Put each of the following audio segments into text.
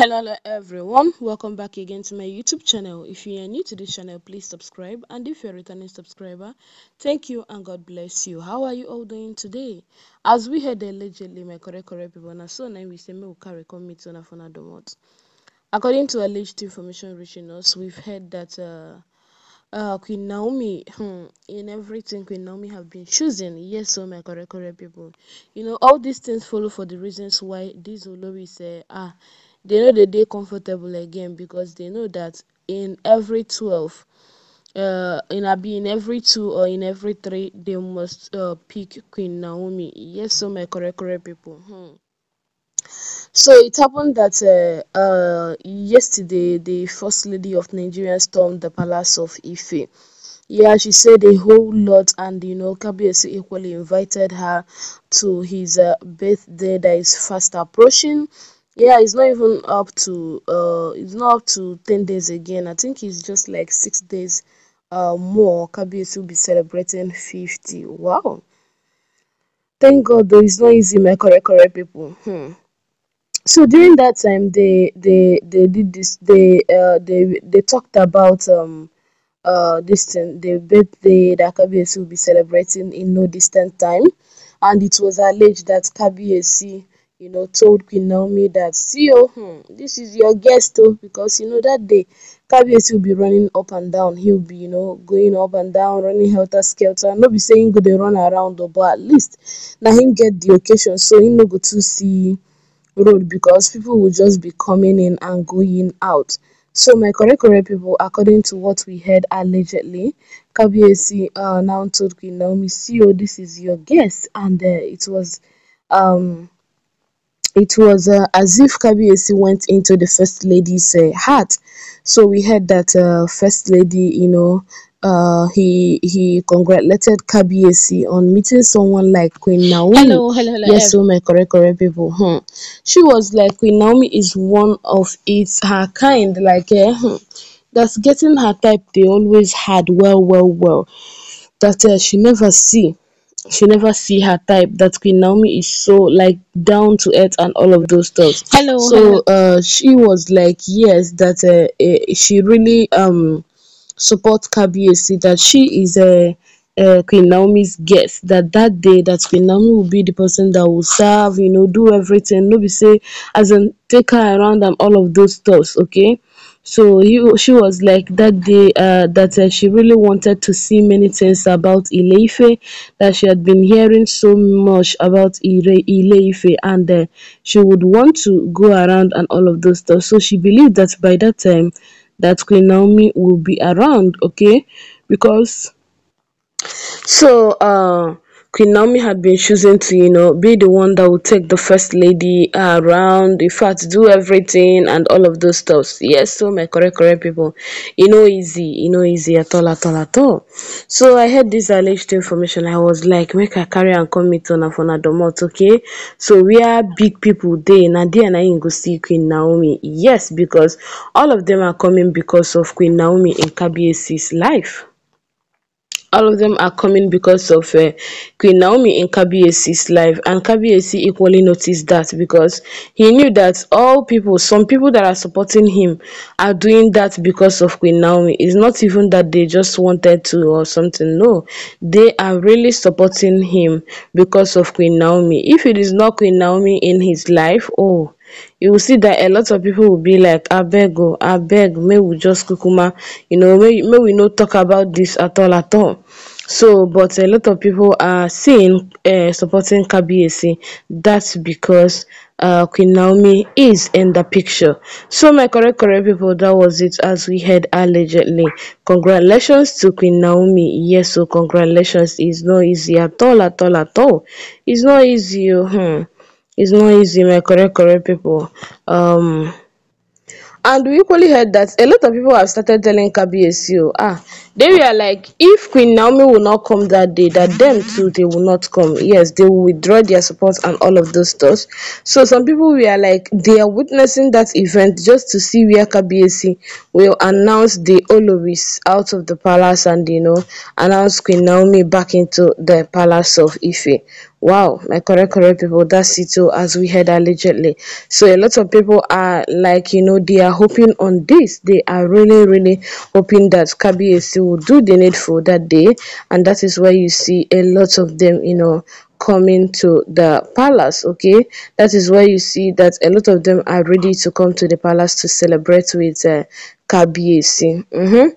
hello everyone welcome back again to my youtube channel if you are new to this channel please subscribe and if you're a returning subscriber thank you and god bless you how are you all doing today as we heard allegedly my correct correct people now so now we say me will carry come meet on a phone according to alleged information reaching us we've heard that uh, uh, Queen Naomi, hmm, in everything Queen Naomi have been choosing. Yes, so my correct, correct people. You know, all these things follow for the reasons why this Olori say, ah, uh, they know they' are comfortable again because they know that in every twelve uh, in abi in every two or in every three they must uh, pick Queen Naomi. Yes, so my correct correct people. Hmm. So it happened that uh, uh, yesterday the first lady of Nigeria stormed the palace of Ife. Yeah, she said a whole lot, and you know, KBS equally invited her to his uh, birthday that is fast approaching yeah, it's not even up to uh it's not up to 10 days again. I think it's just like 6 days uh more KBS will be celebrating 50. Wow. Thank God though it's not easy my correct correct people. Hmm. So during that time they they they did this they uh they they talked about um uh this thing the birthday that will be celebrating in no distant time and it was alleged that KBS you know, told Queen Naomi that, see, oh, hmm, this is your guest, oh, because, you know, that day, Kabiyesi will be running up and down. He'll be, you know, going up and down, running helter skelter. not be saying go they run around, oh, but at least now him get the occasion, so he no go to see road because people will just be coming in and going out. So, my correct, correct people, according to what we heard allegedly, Kabiyesi uh, now told Queen Naomi, see, oh, this is your guest, and uh, it was. Um, it was uh, as if Kabiyesi went into the First Lady's uh, heart. So we heard that uh, First Lady, you know, uh, he he congratulated Kabiyesi on meeting someone like Queen Naomi. Hello, hello, hello. Yes, so my correct, correct people. Hmm. She was like Queen Naomi is one of its her kind. Like, eh, hmm. that's getting her type. They always had well, well, well. That uh, she never see she never see her type that queen naomi is so like down to earth and all of those stuff hello so uh she was like yes that uh, eh, she really um supports kbac that she is a uh, uh, Queen Naomi's guest that that day that Queen Naomi will be the person that will serve, you know, do everything. No, be say as in take her around and all of those stuffs, okay? so he, she was like that day uh, that uh, she really wanted to see many things about Ileife, that she had been hearing so much about Ile, Ileife, and uh, she would want to go around and all of those stuff. So she believed that by that time, that Queen Naomi will be around, okay? Because so uh Queen Naomi had been choosing to, you know, be the one that would take the first lady around, in fact, do everything and all of those stuff. Yes, so oh my correct, correct people, you know, easy, you know, easy at all, at all, at all. So I heard this alleged information. I was like, make a carry and come meet on Afona Domot, okay? So we are big people there. Nadia and I go see Queen Naomi. Yes, because all of them are coming because of Queen Naomi in KBAC's life all of them are coming because of uh, Queen Naomi in KBAC's life. And KBAC equally noticed that because he knew that all people, some people that are supporting him, are doing that because of Queen Naomi. It's not even that they just wanted to or something. No, they are really supporting him because of Queen Naomi. If it is not Queen Naomi in his life, oh, you will see that a lot of people will be like I beg, abeg I oh, beg, may we just kukuma you know may may we not talk about this at all at all so but a lot of people are seeing uh, supporting kbac that's because uh, Queen Naomi is in the picture. So my correct correct people, that was it as we heard allegedly. Congratulations to Queen Naomi. Yes, so oh, congratulations. It's not easy at all, at all, at all. It's not easy. Oh, hmm. It's not easy, my correct, correct people. Um, and we equally heard that a lot of people have started telling KBSU, ah, they were like, if Queen Naomi will not come that day, that them too, they will not come. Yes, they will withdraw their support and all of those stuff. So some people were like, they are witnessing that event just to see where KBSU will announce the Olovis out of the palace and, you know, announce Queen Naomi back into the palace of Ife. Wow, my correct, correct people, that's it too, as we heard allegedly. So a lot of people are like, you know, they are hoping on this. They are really, really hoping that KBAC will do the needful that day. And that is why you see a lot of them, you know, coming to the palace okay that is why you see that a lot of them are ready to come to the palace to celebrate with uh, KBAC mm -hmm.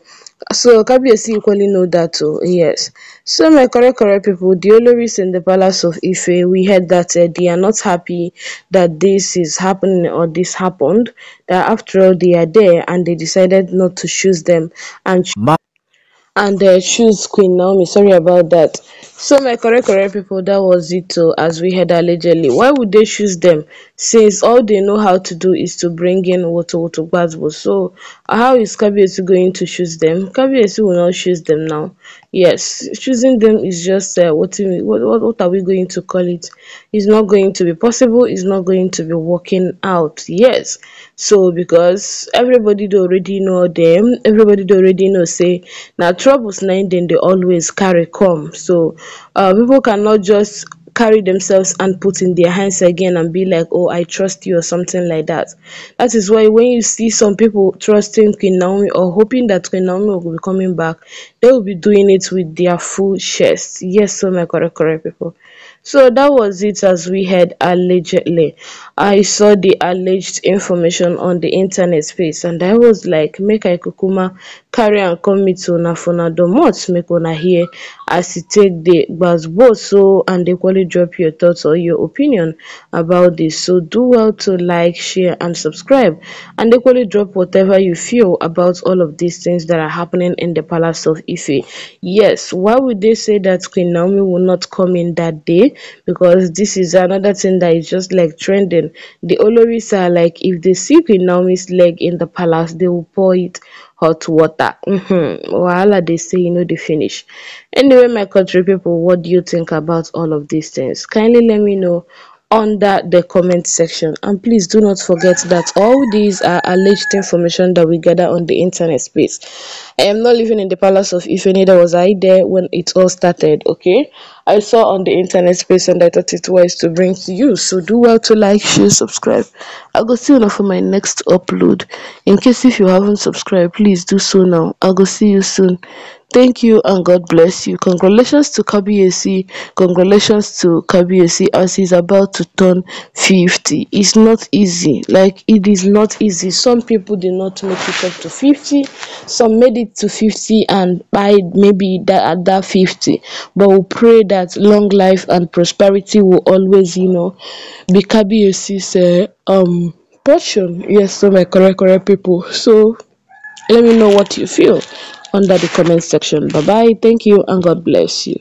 So Kabiyesi equally know that too, oh, yes. So my correct correct people, the Oloris in the palace of Ife, we heard that uh, they are not happy that this is happening or this happened. That after all they are there and they decided not to choose them and. Cho and uh, choose Queen Naomi. Sorry about that so my correct correct people, that was it o as we heard allegedly why would they choose them? since all they know how to do is to bring in water, water, water, so how is kabiyesi going to choose them? kabiyesi will not choose them now yes choosing them is just uh, what, what what are we going to call it it's not going to be possible it's not going to be working out yes so because everybody do already know them everybody do already know say now troubles nine then they always carry come so uh, people cannot just carry themselves and put in their hands again and be like, oh, I trust you or something like that. That is why when you see some people trusting Queen Naomi or hoping that Queen Naomi will be coming back, they will be doing it with their full chest. Yes, so oh my correct, oh, correct people. So that was it as we had allegedly. I saw the alleged information on the internet space and I was like, make I kukuma carry and come meet una for domot, make una here as you take the buzzword so and equally drop your thoughts or your opinion about this. So do well to like, share and subscribe and equally drop whatever you feel about all of these things that are happening in the palace of Ife. Yes, why would they say that Queen Naomi will not come in that day? Because this is another thing that is just like trending. The Oloris are like, if they see Queen Naomi's leg in the palace, they will pour it hot water. Mm-hmm. they say, you know, they finish. Anyway, my country people, what do you think about all of these things? Kindly let me know under the comment section. And please do not forget that all these are alleged information that we gather on the internet space. I am not living in the palace of Ife, neither was I there when it all started, okay? I saw on the internet space and I thought it was to bring to you. So do well to like, share, subscribe. I'll go see you now for my next upload. In case if you haven't subscribed, please do so now. I'll go see you soon. Thank you and God bless you. Congratulations to Kabiyesi. Congratulations to Kabiyesi as he's about to turn 50. It's not easy. Like, it is not easy. Some people did not make it up to 50. Some made it to 50 and by maybe that, at that 50. But we pray that long life and prosperity will always, you know, be Kabiyesi's uh, um, portion. Yes, so my correct, correct people. So, let me know what you feel under the comment section. Bye bye. Thank you and God bless you.